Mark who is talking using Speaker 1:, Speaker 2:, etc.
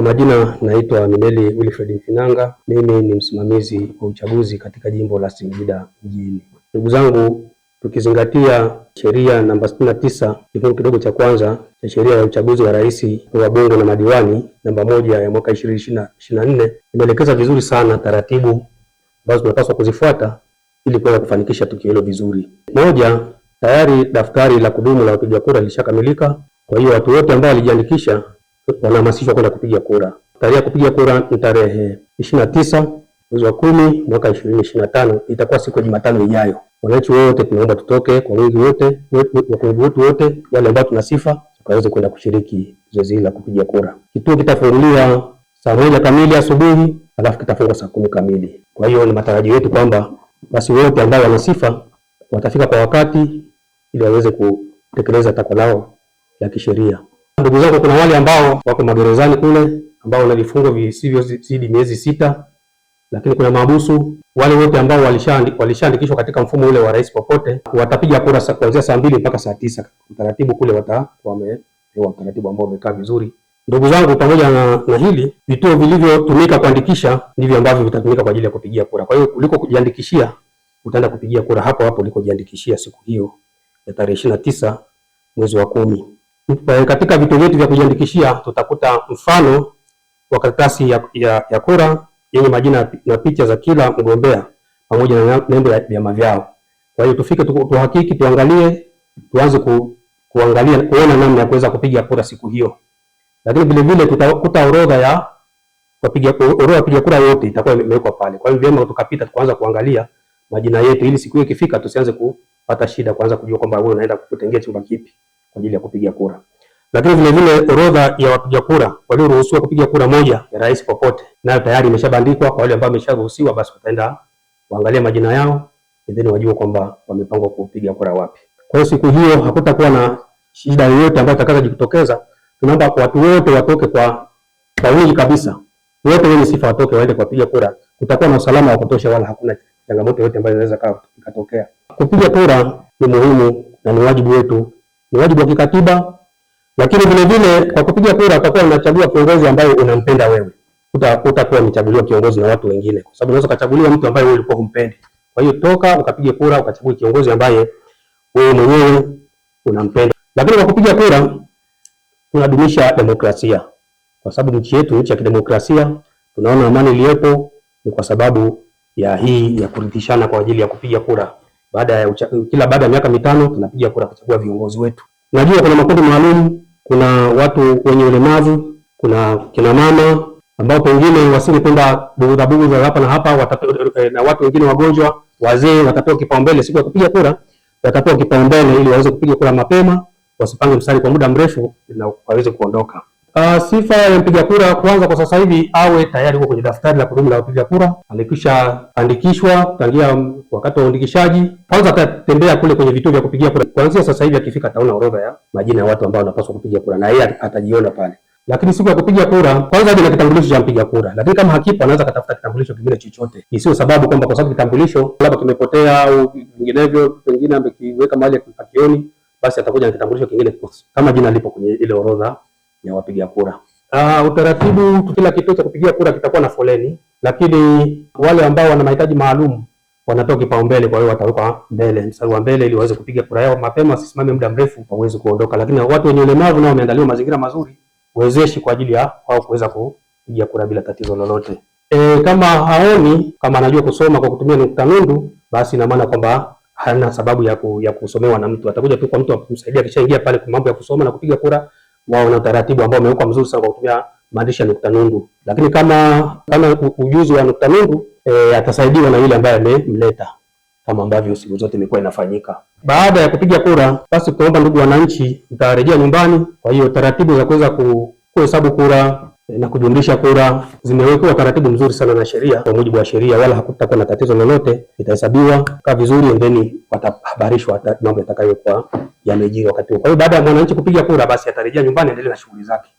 Speaker 1: Kwa majina naitwa Mineli Wilfred Mfinanga, mimi ni msimamizi wa uchaguzi katika jimbo la Singida mjini. Ndugu zangu, tukizingatia sheria namba 69 kifungu kidogo cha kwanza cha sheria ya uchaguzi wa rais wa bunge na madiwani namba moja ya mwaka 2024 imeelekeza vizuri sana taratibu ambazo tunapaswa kuzifuata ili kuweza kufanikisha tukio hilo vizuri. Moja, tayari daftari la kudumu la wapiga kura lilishakamilika kwa hiyo watu wote ambao walijiandikisha wanahamasishwa kwenda kupiga kura. Tarehe ya kupiga kura ni tarehe ishirini na tisa mwezi wa kumi mwaka ishirini ishirini na tano itakuwa siku ya Jumatano ijayo. Wananchi wote tunaomba tutoke kwa wingi wote, wakungu wetu wote wale ambao tuna sifa tukaweze kwenda kushiriki zoezi hili la kupiga kura. Kituo kitafunguliwa saa moja kamili asubuhi alafu kitafungwa saa kumi kamili. Kwa hiyo ni matarajio yetu kwamba basi wote ambao wana sifa watafika kwa wakati ili waweze kutekeleza takwa lao la kisheria. Ndugu zangu, kuna wale ambao wako magerezani kule ambao wana vifungo visivyozidi miezi sita, lakini kuna mahabusu wale wote ambao walishaandikishwa katika mfumo ule wa rais popote watapiga kura kuanzia saa mbili mpaka saa tisa. Utaratibu kule wata, watapewa utaratibu ambao umekaa vizuri. Ndugu zangu, pamoja na, na hili vituo vilivyotumika kuandikisha ndivyo ambavyo vitatumika kwa ajili ya kupigia kura. Kwa hiyo kuliko kujiandikishia, utaenda kupigia kura hapo hapo ulikojiandikishia siku hiyo ya tarehe ishirini na tisa mwezi wa kumi. Eh, katika vituo vyetu vya kujiandikishia tutakuta mfano wa karatasi ya, ya, ya kura yenye majina na picha za kila mgombea pamoja na nembo ya vyama vyao. Kwa hiyo tufike tu, tuhakiki tuangalie, tuanze ku, kuangalia kuona namna ya kuweza kupiga kura siku hiyo, lakini vile vile tutakuta orodha ya wapiga orodha ya wapiga kura yote itakuwa imewekwa pale. Kwa hiyo vyema tukapita tukaanza kuangalia majina yetu, ili siku hiyo ikifika tusianze kupata shida, kuanza kujua kwamba wewe unaenda kutengea chumba kipi kwa ajili ya kupiga kura. Lakini vile vile orodha ya wapiga kura walioruhusiwa kupiga kura moja ya rais popote nayo tayari imeshabandikwa. Kwa wale ambao wamesharuhusiwa, basi wataenda waangalia majina yao, ndio wajue kwamba wamepangwa kupiga kura wapi. Kwa hiyo siku hiyo hakutakuwa na shida yoyote ambayo itakaza jitokeza. Tunaomba watu wote watoke kwa kwa wingi kabisa, wote wenye sifa watoke waende kupiga kura. Kutakuwa na usalama wa kutosha, wala hakuna changamoto yoyote ambayo inaweza ikatokea. Kupiga kura ni muhimu na ni wajibu wetu ni wajibu wa kikatiba, lakini vile vile kwa kupiga kura utakuwa unachagua kiongozi ambaye unampenda wewe, utakuwa umechaguliwa kiongozi na watu wengine, kwa sababu unaweza kuchagulia mtu ambaye wewe ulikuwa humpendi. Kwa hiyo toka ukapiga kura ukachague kiongozi ambaye wewe mwenyewe unampenda. Lakini kwa kupiga kura tunadumisha demokrasia, kwa sababu nchi yetu nchi ya kidemokrasia. Tunaona amani iliyopo ni kwa sababu ya hii ya kuridhishana kwa ajili ya kupiga kura baada ya kila baada ya miaka mitano tunapiga kura kuchagua viongozi wetu. Najua kuna makundi maalum, kuna watu wenye ulemavu, kuna kina mama ambao pengine wasingependa bugudha buguza hapa na hapa watape, eh, na watu wengine wagonjwa, wazee watapewa kipaumbele siku ya kupiga kura, watapewa kipaumbele ili waweze kupiga kura mapema, wasipange mstari kwa muda mrefu na waweze kuondoka. Uh, sifa ya mpiga kura kwanza, kwa sasa hivi awe tayari huko kwenye daftari la kudumu la wapiga kura. alikisha andikishwa tangia wakati wa uandikishaji. Kwanza atatembea kule kwenye vituo vya kupigia kura, kuanzia sasa hivi akifika ataona orodha ya majina ya watu ambao wanapaswa kupiga kura na yeye atajiona pale lakini siku ya kupiga kura kwanza aje na kitambulisho cha mpiga kura, lakini kama hakipo anaanza kutafuta kitambulisho kingine chochote, isiyo sababu kwamba kwa sababu kitambulisho labda kimepotea au vinginevyo, pengine amekiweka mahali ya kipakioni, basi atakuja na kitambulisho kingine kama jina lipo kwenye ile orodha ya wapiga kura. Uh, utaratibu, kila kituo cha kupigia kura kitakuwa na foleni, lakini wale ambao wana mahitaji maalum wanatoa kipaumbele. Kwa hiyo watawekwa mbele, mstari wa mbele, ili waweze kupiga kura yao mapema, wasisimame muda mrefu, waweze kuondoka. Lakini watu wenye ulemavu nao wameandaliwa mazingira mazuri wezeshi kwa ajili ya wao kuweza kupiga kura bila tatizo lolote. E, kama haoni, kama anajua kusoma kwa kutumia nukta nundu, basi ina maana kwamba hana sababu ya, ku, ya kusomewa na mtu, atakuja tu kwa mtu akumsaidia, ingia pale kwa mambo ya kusoma na kupiga kura wao na utaratibu ambao umewekwa mzuri sana kwa kutumia maandishi ya nukta nundu, lakini kama kama ujuzi wa nukta nundu e, atasaidiwa na yule ambaye amemleta kama ambavyo siku zote imekuwa inafanyika. Baada ya kupiga kura, basi tutaomba ndugu wananchi, mtarejea nyumbani. Kwa hiyo taratibu za kuweza kuhesabu kura na kujumlisha kura zimewekewa taratibu mzuri sana na sheria, kwa mujibu wa sheria, wala hakutakuwa na tatizo lolote, itahesabiwa kaa vizuri, endeni watahabarishwa mambo yatakayokuwa yamejiri wakati huo. Kwa hiyo baada ya mwananchi kupiga kura, basi atarejea nyumbani, endelee na shughuli zake.